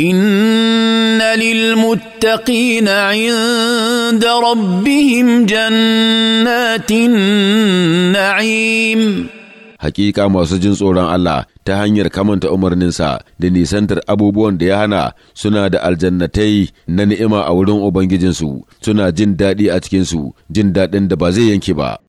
ان للمتقين عند ربهم جنات النعيم Hakika masu jin tsoron Allah ta hanyar kamanta umarninsa da nisantar abubuwan da ya hana suna da aljannatai na ni'ima a wurin Ubangijinsu suna jin daɗi a cikinsu jin daɗin da ba zai yanke ba.